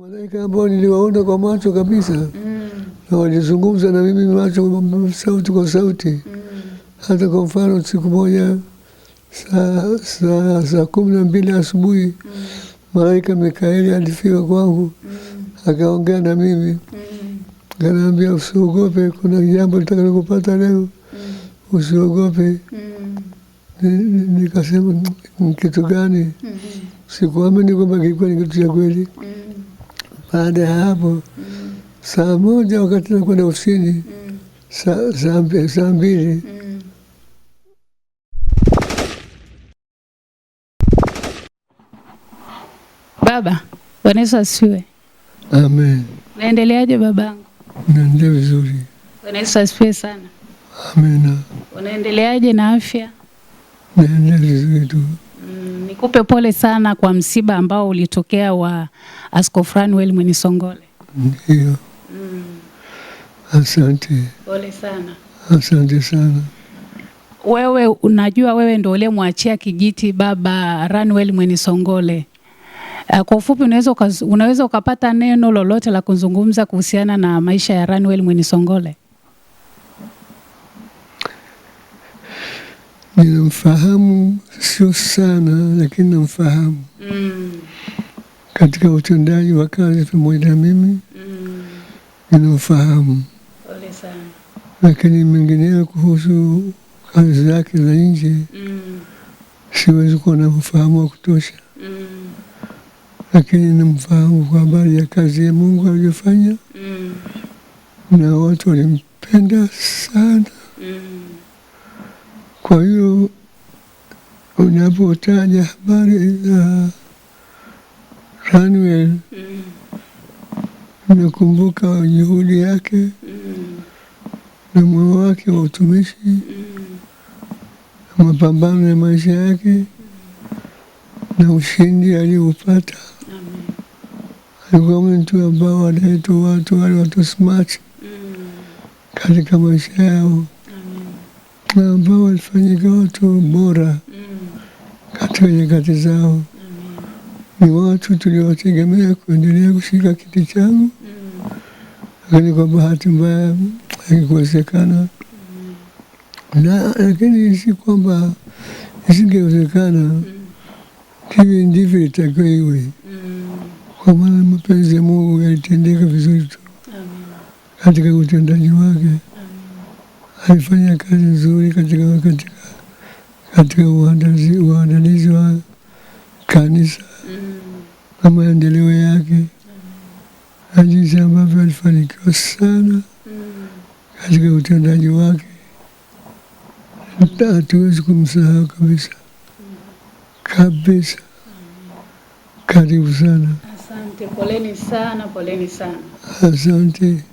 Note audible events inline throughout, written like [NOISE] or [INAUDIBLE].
Malaika ambao niliwaona kwa macho kabisa mm. na walizungumza na mimi macho sauti kwa sauti mm. hata kwa mfano siku moja saa sa, sa kumi na mbili asubuhi mm. malaika Mikaeli alifika kwangu mm. akaongea na mimi mm. kanaambia, usiogope, kuna jambo litakalokupata leo mm. usiogope mm. nikasema, ni kitu gani? mm -hmm. sikuamini kwamba kilikuwa ni kitu cha kweli mm. Baada ya hapo mm. saa moja wakati nakwenda ofisini mm. saa mbili mm. Baba, Bwana Yesu asifiwe. Amen. Naendeleaje babangu? Naendelea vizuri. Bwana Yesu asifiwe sana. Amina. Unaendeleaje na afya? Naendelea vizuri tu. Nikupe pole sana kwa msiba ambao ulitokea wa Askofu Ranuel Mwinisongole. Ndio. Mm. Asante. Pole sana. Asante sana. Wewe unajua wewe ndio ulemwachia kijiti baba Ranuel songole ah, Kwa ufupi unaweza unaweza ukapata neno lolote la kuzungumza kuhusiana na maisha ya Ranuel songole ninamfahamu sio sana, lakini namfahamu mm. katika utendaji wa kazi pamoja na mimi mm. ninamfahamu, lakini mengineo kuhusu kazi zake za nje mm. siwezi kuwa na ufahamu wa kutosha mm. lakini namfahamu kwa habari ya kazi ya Mungu aliyofanya mm. na watu walimpenda sana mm. Kwa hiyo unapotaja habari za Samuel nakumbuka juhudi yake na moyo wake wa utumishi na mapambano ya maisha yake na ushindi aliyoupata. Alikuwa mtu ambao anaitwa watu wale watu smart katika maisha yao na ambao walifanyika watu bora mm. katika nyakati zao. Mm. Ni watu tuliowategemea kuendelea kushika kiti changu, mm. lakini kwa bahati mbaya haikuwezekana. Na lakini si kwamba isingewezekana, hivi ndivyo itakiwa iwe, kwa maana mapenzi ya Mungu yalitendeka vizuri tu katika utendaji wake alifanya kazi nzuri katika, katika, katika uandalizi wa kanisa mm. na maendeleo yake mm. na jinsi ambavyo alifanikiwa sana mm. katika utendaji wake hatuwezi kumsahau kabisa mm. kabisa. Mm. Karibu sana, asante. Poleni sana, poleni sana, asante.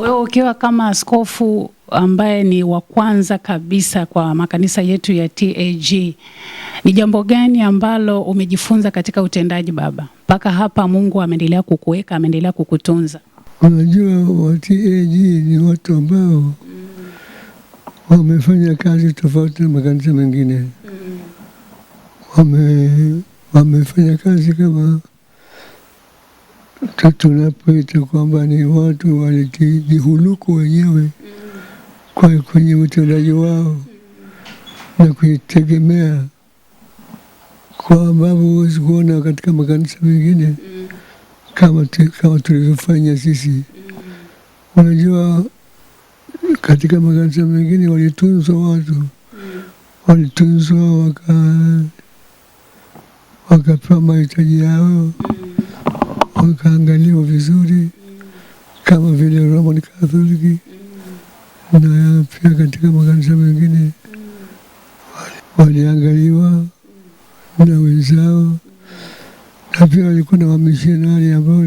Wewe ukiwa kama askofu ambaye ni wa kwanza kabisa kwa makanisa yetu ya TAG, ni jambo gani ambalo umejifunza katika utendaji baba mpaka hapa? Mungu ameendelea kukuweka, ameendelea kukutunza. Unajua, wa TAG ni watu ambao mm. wamefanya kazi tofauti na makanisa mengine mm. wame, wamefanya kazi kama tunapoita kwamba ni watu walijihuluku wenyewe mm kwenye utendaji wao na kuitegemea kwa ambavyo huwezi kuona katika makanisa mengine kama, kama tulivyofanya sisi. Unajua, katika makanisa mengine walitunzwa watu, walitunzwa waka wakapewa mahitaji yao, wakaangaliwa vizuri kama vile Roman Katholiki na pia katika makanisa mengine waliangaliwa na wenzao, na pia walikuwa na wamishonari ambao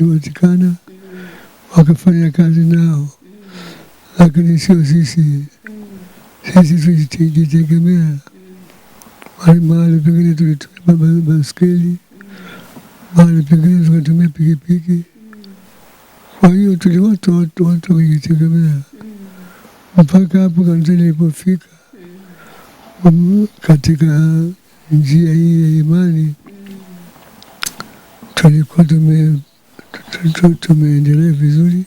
walipatikana wakafanya kazi nao, lakini sio sisi. Sisi tulijitegemea, mahali pengine tulitumia baskeli, mahali pengine tukatumia pikipiki. Kwa hiyo tuliwatu watu wakijitegemea mpaka hapo kanisa nilipofika mm. katika njia hii ya imani mm. tulikuwa tume tumeendelea vizuri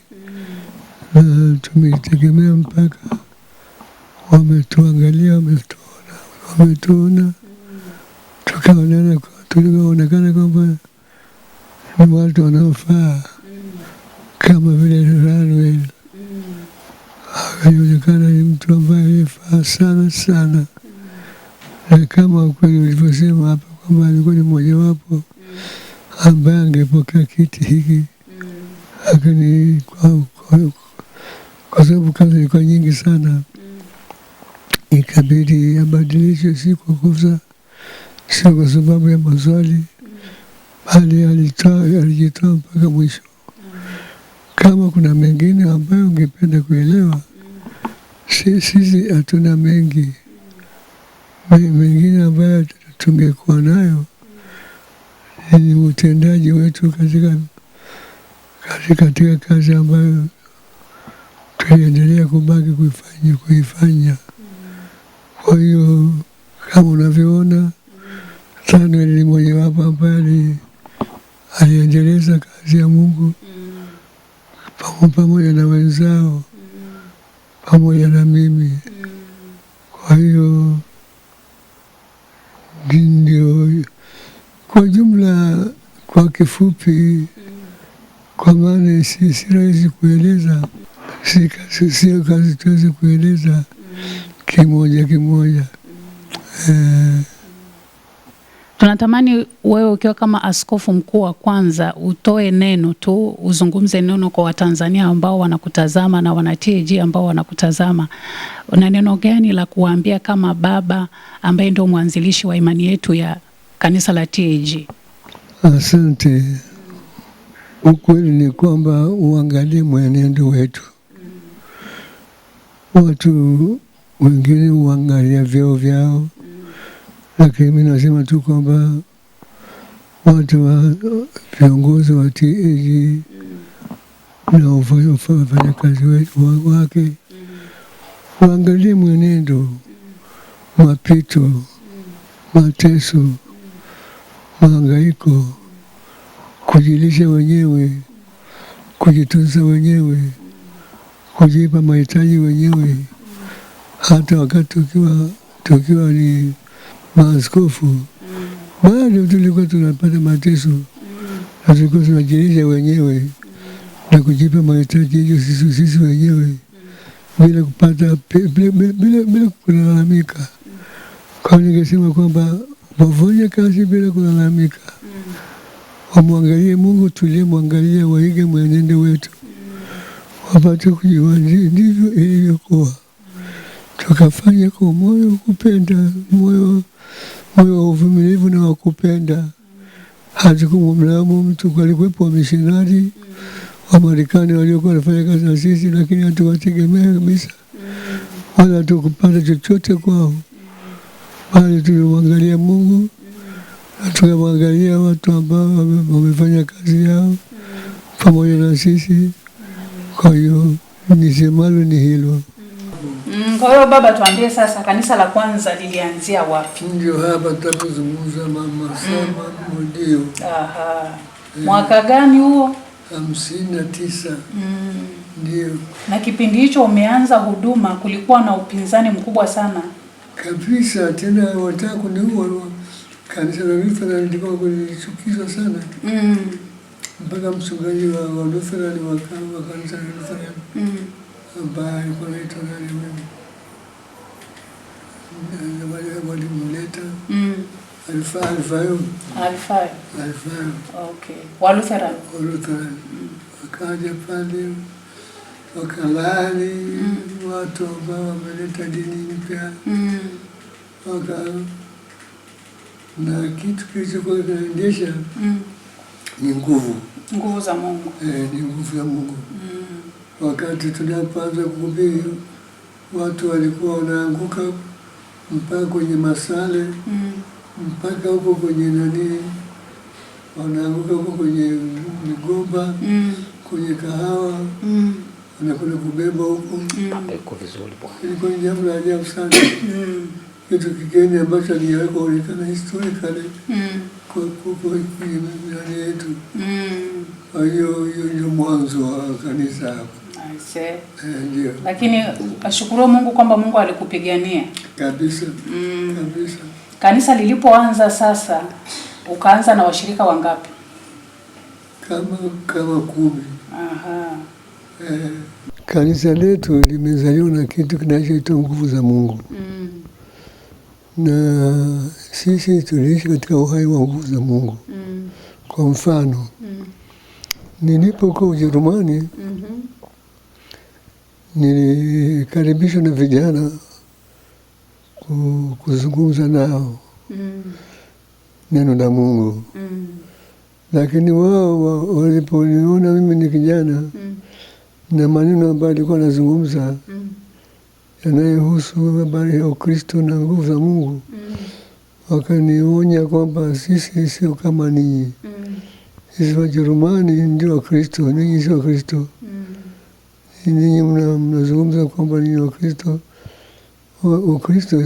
na tumeitegemea mpaka wametuangalia, wametuona, wametuona tukaonana, tulivyoonekana kwamba ni watu wanaofaa kama vile sana sana mm. Eh, na kama ukweli ulivyosema hapa kwamba alikuwa ni mmojawapo ambaye angepokea kiti hiki akini, kwa sababu kazi ilikuwa nyingi sana, ikabidi abadilishe, si kwa kosa, sio kwa sababu ya maswali, bali alijitoa mpaka mwisho. Kama kuna mengine ambayo ungependa kuelewa sisi hatuna mengi mengine ambayo tungekuwa nayo ni utendaji wetu katika katika kazi ambayo tuliendelea kubaki kuifanya kuifanya. Kwa hiyo kama unavyoona, Samuel ni mojawapo ambaye aliendeleza kazi ya Mungu mm. pamoja na wenzao pamoja na mimi Kwa hiyo ndio kwa jumla, kwa kifupi Kwa maana si, si rahisi kueleza, sio kazi tuwezi kueleza kimoja kimoja eh, Tunatamani wewe ukiwa kama askofu mkuu wa kwanza utoe neno tu, uzungumze neno kwa Watanzania ambao wanakutazama na wana TAG ambao wanakutazama. Una neno gani la kuwaambia kama baba ambaye ndio mwanzilishi wa imani yetu ya kanisa la TAG? Asante. Ukweli ni kwamba uangalie mwenendo wetu. Watu wengine huangalia vyeo vyao, vyao lakini mi nasema tu kwamba watu wa viongozi wa TAG na wafanyakazi wetu wake waangalie mwenendo, mapito, mateso, mahangaiko, kujilisha wenyewe, kujitunza wenyewe, kujipa mahitaji wenyewe, hata wakati tukiwa tukiwa ni maaskofu mm. bado tulikuwa tunapata mateso mm. na tunajilisha wenyewe mm. na kujipa mahitaji hiyo sisi, sisi wenyewe mm. bila kupata bila, kulalamika mm. kwa ningesema kwamba wafanye kazi bila kulalamika mm. wamwangalie Mungu tulie mwangalia waige mwenendo wetu mm. wapate kujiwa. Ndivyo ilivyokuwa tukafanya kwa moyo kupenda, moyo moyo wa uvumilivu na wakupenda kupenda. Hatukumlamu mtu. Walikuwepo wamishinari wa Marekani waliokuwa wanafanya kazi na sisi, lakini hatuwategemea kabisa, wala tukupata chochote kwao, bali tulimwangalia Mungu na tukamwangalia watu ambao wamefanya kazi yao pamoja na sisi. Kwa hiyo nisemalo ni hilo. Mm, kwa hiyo baba, tuambie sasa kanisa la kwanza lilianzia wapi? Ndio hapa tunapozungumza mama mm. sema Ndio. Aha. Eh. Mwaka gani huo? hamsini na tisa. Mm. Ndio. Na kipindi hicho umeanza huduma, kulikuwa na upinzani mkubwa sana kabisa, tena wataka kuniua. Kanisa la Lutheran lilikuwa kulichukizwa sana mm. mpaka mchungaji wa Lutheran wa kanisa la Lutheran mm ambaye alikuwa anaitwa nani huyu, walimleta Alfayo Walutheran, wakaja pale wakalali mm. watu ambao wameleta dini mpya mm. waka na kitu kilichokuwa kinaendesha mm. ni nguvu, nguvu za Mungu, eh, ni nguvu ya Mungu. Wakati tunapoanza kuhubiri, watu walikuwa wanaanguka mpaka kwenye masale mm. mpaka huko kwenye nani, wanaanguka huko kwenye migomba mm. kwenye kahawa mm. wanakwenda kubeba huko ilikuwa ni jambo la ajabu sana kitu kigeni ambacho alijawahi kuonekana historikali kwenye nani yetu. Kwa hiyo hiyo ndio mwanzo wa kanisa hapo. Eh, ndio. Lakini ashukuru Mungu kwamba Mungu alikupigania. Kabisa. Mm. Kabisa. Kanisa lilipoanza sasa ukaanza na washirika wangapi? Kama kama kumi. Aha. Eh, kanisa letu limezaliwa na kitu kinachoitwa nguvu za Mungu. Mm. Na sisi tuliishi katika uhai wa nguvu za Mungu. Mm. Kwa mfano, mm. nilipokuwa Ujerumani mm -hmm nilikaribishwa na vijana kuzungumza nao mm. neno la Mungu mm. lakini wao waliponiona mimi ni kijana mm. na maneno ambayo alikuwa anazungumza mm. yanayohusu habari ya Ukristo na nguvu za Mungu mm. wakanionya kwamba sisi sio kama ninyi mm. sisi Wajerumani ndio Wakristo, ninyi sio Wakristo mm ninyi mnazungumza kwamba ni Wakristo, Wakristo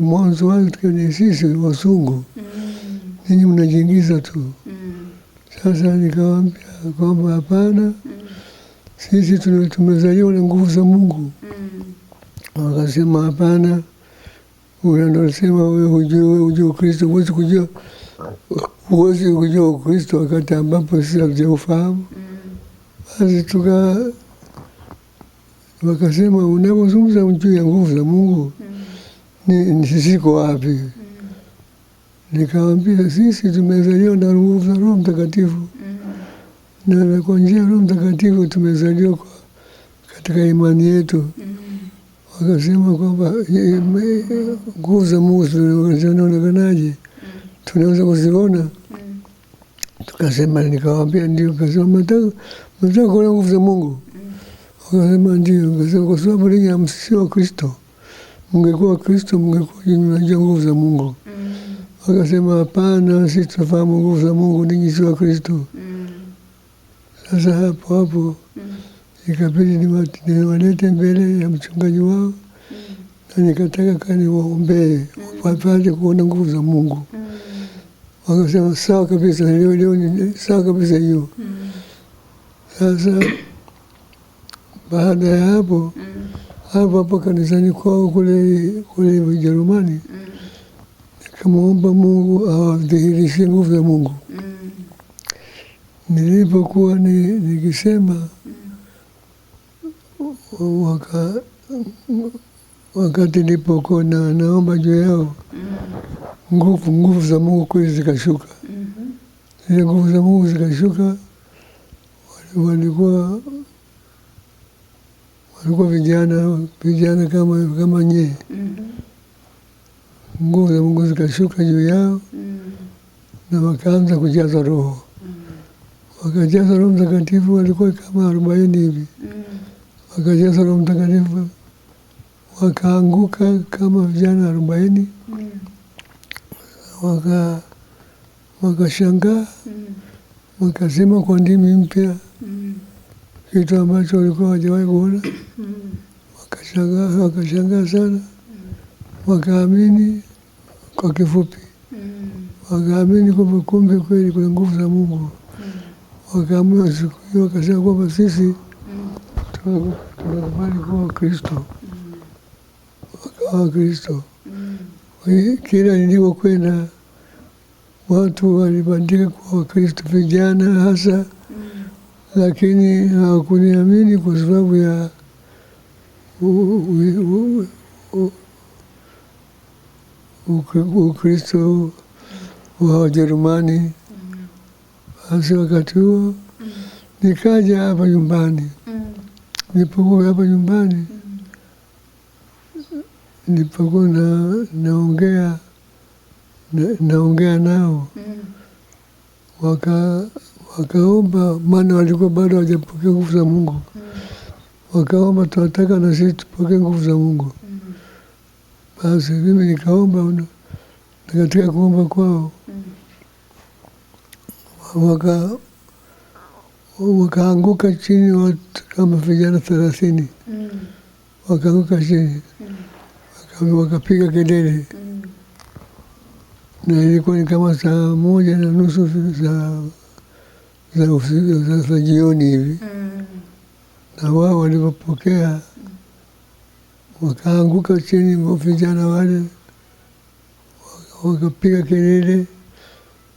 mwanzo wake ni sisi wasungu mm. ninyi mnajiingiza tu. Mm. Sasa nikawambia kwamba hapana, mm. sisi tumezaliwa na nguvu za Mungu. Wakasema hapana, unasema wewe hujui, hujui Ukristo, huwezi kujua huwezi kujua Ukristo wakati ambapo sisi hatujaofahamu. Basi tuka wakasema unavozungumza juu ya nguvu za Mungu mm. ziko wapi? mm. Nikawambia sisi tumezaliwa na nguvu za Roho Mtakatifu mm. na kwa njia ya Roho Mtakatifu tumezaliwa katika imani yetu mm. Wakasema kwamba nguvu za Mungu zinaonekanaje? Mm. tunaweza kuziona? Mm. Tukasema, nikawambia ndio. Kasema mataka kuona nguvu za Mungu Akasema ndio, akasema kwa sababu ninyi hamsisi wa Kristo, mngekuwa Wakristo mngekuwa najua nguvu za Mungu. wakasema mm. hapana, sisi tunafahamu nguvu za Mungu, ninyi si wa Kristo. Mm. Sasa hapo hapo mm. ikabidi niwalete mbele ya mchungaji wao mm. na nikataka kani waombee wapate kuona nguvu za Mungu. Wakasema sawa kabisa, leo leo sawa kabisa hiyo. Sasa baada ya hapo mm. hapo hapo kanisani kwao kule kule Ujerumani mm. nikamwomba Mungu awadhihirishe nguvu ya Mungu mm. nilipokuwa ni, nikisema mm. waka, wakati nilipokuwa na, naomba juu yao mm. nguvu nguvu za Mungu kweli zikashuka mm-hmm. zile mm -hmm. nguvu za Mungu zikashuka walikuwa walikuwa vijana vijana kama kama nyie, mm-hmm. nguvu za Mungu zikashuka juu yao mm-hmm. na wakaanza kujaza Roho, mm-hmm. wakajaza Roho Mtakatifu, walikuwa kama arobaini hivi, wakajaza Roho Mtakatifu wakaanguka kama vijana arobaini waka wakashangaa wakasema kwa ndimi mpya kitu ambacho walikuwa hawajawahi kuona wakashangaa, wakashangaa sana, wakaamini. Kwa kifupi, wakaamini kwamba kumbe kweli kuna nguvu za Mungu. Wakaamua siku hiyo, wakasema kwamba sisi tunakubali kuwa Wakristo, wakawa Wakristo. Kila nilikokwenda watu walibandika kuwa Wakristo, vijana hasa lakini hawakuniamini kwa sababu ya Ukristo wa Wajerumani. Basi wakati huo nikaja hapa nyumbani. Nilipokuwa hapa nyumbani, nilipokuwa naongea naongea nao waka wakaomba, maana walikuwa bado hawajapokea nguvu za Mungu mm. Wakaomba, tunataka na sisi tupokee nguvu za Mungu mm. Basi mimi nikaomba, na katika kuomba kwao mm. waka wakaanguka chini watu kama vijana thelathini mm. wakaanguka chini mm. wakapiga kelele mm. na ilikuwa ni kama saa moja na nusu za za jioni hivi mm. na wao walipopokea mm. wakaanguka chini, vijana wale wakapiga kelele.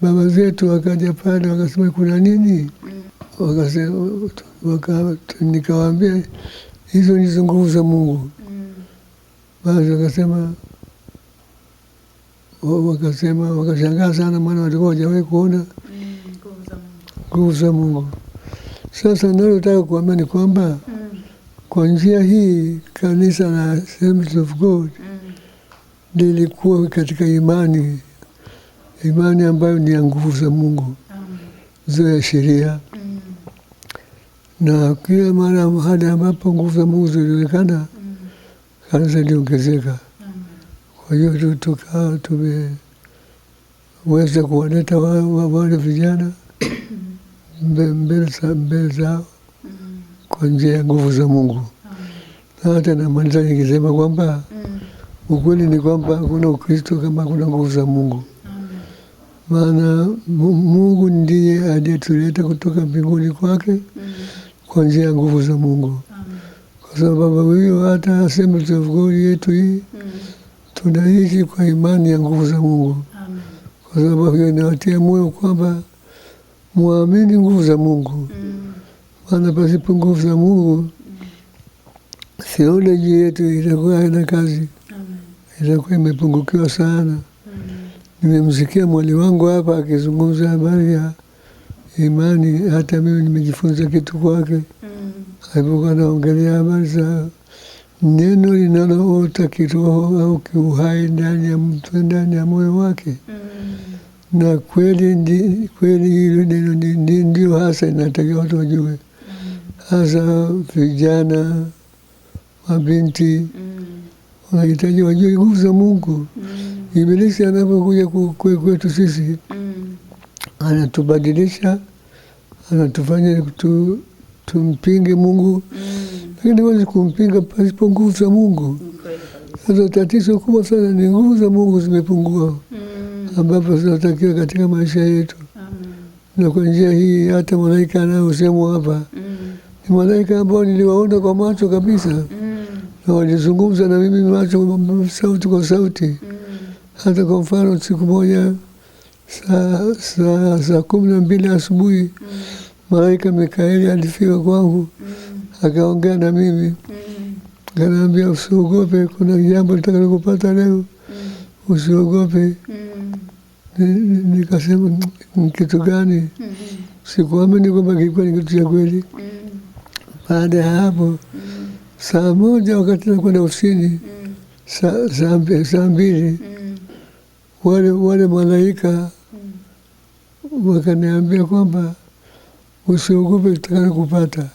Baba zetu wakaja pale, wakasema kuna nini? nikawambia mm. nikawaambia hizo nizo nguvu za Mungu. Mm. Basi wakasema wakasema wakashangaa sana, maana walikuwa wajawahi kuona mm nguvu za Mungu. Sasa nalotaka kuambia ni kwamba kwa njia hii kanisa la Assemblies of God mm. lilikuwa katika imani, imani ambayo ni ya nguvu za Mungu mm. zio ya sheria mm. na kila mara hali ambapo nguvu za Mungu zilionekana mm. kanisa liongezeka kwa hiyo tukaa tumeweza kuwaleta wale vijana mbele zao kwa njia ya nguvu za Mungu. Hata namaliza nikisema kwamba ukweli ni kwamba hakuna Ukristo kama hakuna nguvu za Mungu. Maana Mungu ndiye aliyetuleta kutoka mbinguni kwake kwa njia ya nguvu za Mungu Kwa sababu hiyo hata Assemblies of God yetu hii tunaishi kwa imani ya nguvu za Mungu Kwa sababu hiyo inawatia moyo kwamba muamini nguvu za Mungu, mm. maana mm. pasipo nguvu za Mungu theoloji mm. yetu itakuwa haina kazi, itakuwa imepungukiwa sana. Mm. Nimemsikia mwali wangu hapa akizungumza habari ya imani, hata mimi nimejifunza kitu kwake alipokuwa anaongelea habari za neno linaloota kiroho au kiuhai ndani ya mtu, ndani ya moyo wake mm na kweli kweli, hilo neno ndio hasa inatakiwa watu wajue, hasa vijana, mabinti mm. wanahitaji wajue nguvu za Mungu. Mm. Ibilisi anapokuja kwetu sisi, mm. anatubadilisha, anatufanya tumpinge Mungu, lakini wezi kumpinga pasipo nguvu za Mungu. Sasa tatizo kubwa sana ni nguvu za Mungu zimepungua ambapo zinatakiwa katika maisha yetu. Na kwa njia hii hata malaika anayosemwa hapa mm. ni malaika ambao niliwaona kwa macho kabisa mm. na walizungumza na mimi macho, sauti kwa sauti mm. hata kwa mfano siku moja saa sa, sa kumi na mbili asubuhi mm. malaika Mikaeli alifika kwangu mm. akaongea na mimi mm. kanaambia, usiogope, kuna jambo litakalokupata leo mm. usiogope mm nikasema ni kitu gani? Mm-hmm. Sikuamini kwamba kilikuwa ni kitu cha kweli. Mm-hmm. Baada ya hapo, mm-hmm. saa moja wakati nakwenda ofisini, saa mbili wale wale malaika wakaniambia kwamba usiogope takana kupata.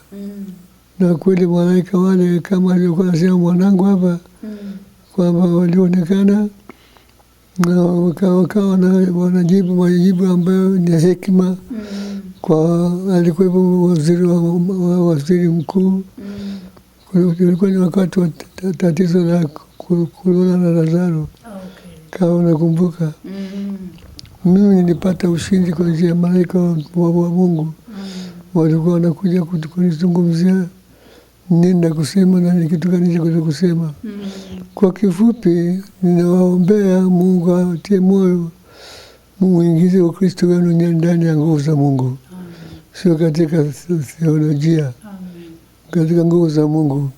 Na kweli malaika wale kama alivyokuwa nasema mwanangu hapa kwamba walionekana wakawa wanajibu majibu ambayo ni hekima mm. kwa alikuwepo waziri wa, wa waziri mkuu mm. ulikuwa ni wakati wa tatizo la kulona na Lazaro okay. kawa unakumbuka mm. mimi nilipata ushindi kwa njia ya malaika wa, wa, wa Mungu mm. walikuwa wanakuja kunizungumzia nenda kusema na cha kuweza kusema. Mm. Kwa kifupi, ninawaombea Mungu atie moyo, mwingize Ukristo wenu ndani ya nguvu za Mungu, sio katika theolojia, katika nguvu za Mungu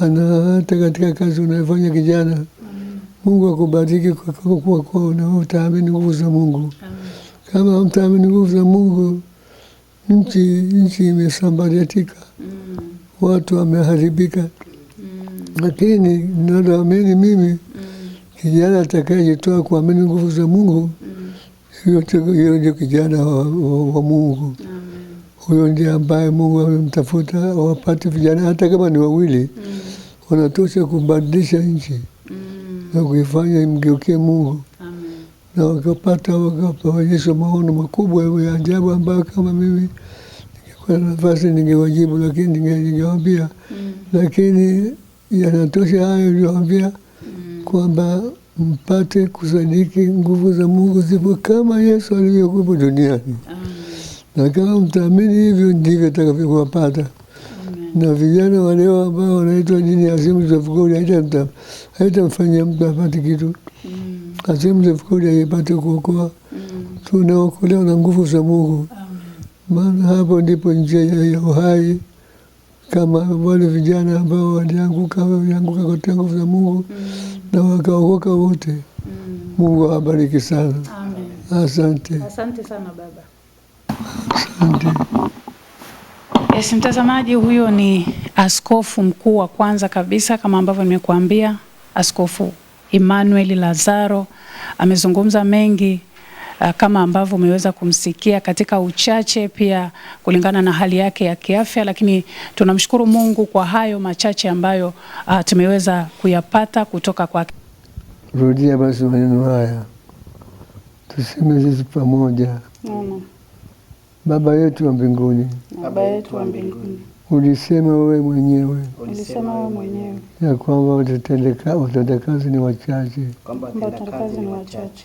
mm. na hata katika kazi unayofanya kijana. Mm. Mungu akubariki kwa kuwa utaamini nguvu za Mungu. Kama mtaamini nguvu za Mungu, nchi nchi imesambaratika watu wameharibika. Lakini ninaloamini mimi, kijana atakayejitoa kuamini nguvu za Mungu, hiyo ndio kijana wa, wa, wa Mungu. Huyo ndiye ambaye Mungu amemtafuta wapate vijana, hata kama ni wawili, wanatosha kubadilisha nchi mm. na kuifanya imgeukie Mungu na wakapata wakapaonyesha maono makubwa ya ajabu ambayo kama mimi kwa nafasi ningewajibu, lakini ningewambia mm. lakini yanatosha hayo uliwambia mm. kwamba mpate kusadiki nguvu za Mungu zipo kama Yesu alivyokuwepo duniani na kama mtaamini hivyo ndivyo takavyokuwapata Na vijana waleo ambao wanaitwa dini ya za Tafakuri haitamfanyia mtu apate kitu. Mm. za Tafakuri haipate kuokoa, mm. tunaokolewa na nguvu za Mungu maana hapo ndipo njia ya uhai, kama wale vijana ambao walianguka walianguka katika nguvu za Mungu mm. na wakaokoka wote mm. Mungu awabariki sana. Amen. Asante, asante sana baba. Asante. Yes, mtazamaji, huyo ni askofu mkuu wa kwanza kabisa kama ambavyo nimekuambia, Askofu Emmanuel Lazaro amezungumza mengi Eh, kama ambavyo umeweza kumsikia katika uchache, pia kulingana na hali yake ya kiafya, lakini tunamshukuru Mungu kwa hayo machache ambayo uh, tumeweza kuyapata kutoka kwake. Rudia basi maneno haya, tuseme sisi pamoja mm. Baba yetu wa mbinguni, Baba yetu wa mbinguni, ulisema wewe mwenyewe, ulisema wewe mwenyewe ya kwamba watendakazi ni wachache, kwamba watendakazi ni wachache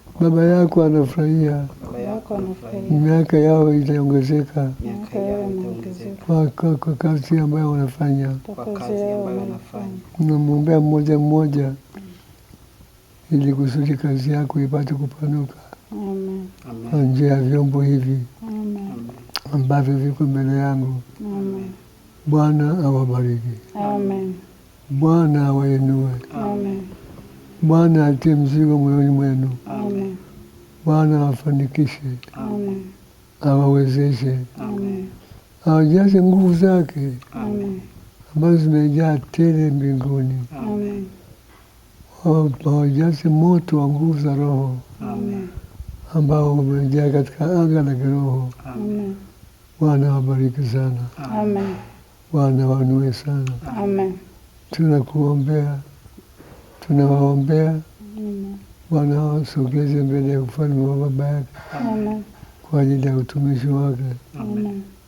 baba yako anafurahia, miaka yao itaongezeka kwa, kwa, kwa kazi ambayo wanafanya. Unamwombea mmoja mmoja ili kusudi kazi yako ipate kupanuka kwa njia ya vyombo hivi ambavyo viko mbele yangu. Bwana awabariki, Bwana awainue. Bwana atie mzigo moyoni mwenu. Bwana awafanikishe, awawezeshe, awajaze nguvu zake ambazo zimejaa tele mbinguni, awajaze moto wa nguvu za Roho ambao umejaa katika anga la kiroho. Bwana wabariki sana, Bwana wanue sana. Tunakuombea tunawaombea Bwana wasogeze mbele ya ufalme wa Baba yake kwa ajili ya utumishi wake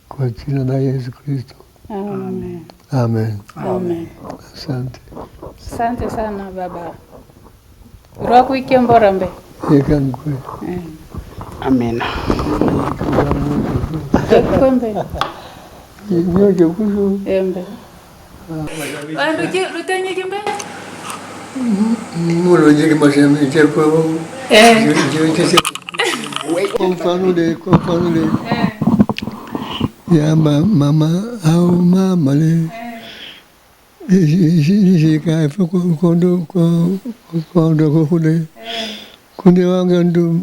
Kwa jina la Yesu Kristo Amen. Amen. Amen. Asante. Asante sana baba rwakwikya mbora mbe ikankwe amena ekwembe Mon Dieu, moi j'aime dire mama au mama le. Jika eh. kondo kondo kuhude. Eh. Kunde wangu ndo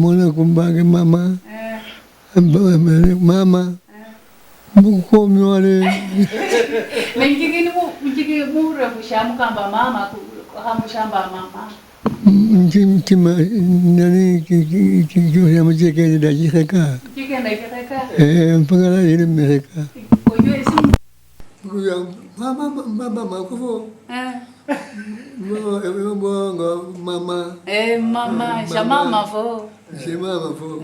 mwana kumbage mama. Eh. Mama mukomyole mengigini mugigi muhure kushamba mama hamushamba mama mtima nani kijuya mujekeni dajiheka mpaka la yele meheka kuya mama mama makufo mwanga mama eh mama fo fo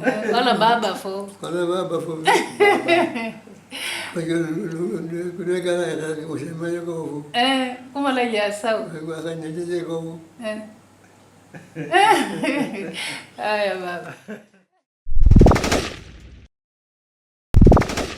baba fo baba fo Porque no, no, no, no, no hay cara de nadie, como se llama como... Eh, ¿cómo le llamas, Sao? Me voy a cañar, yo llego. Eh. [LAUGHS] Ay, amado.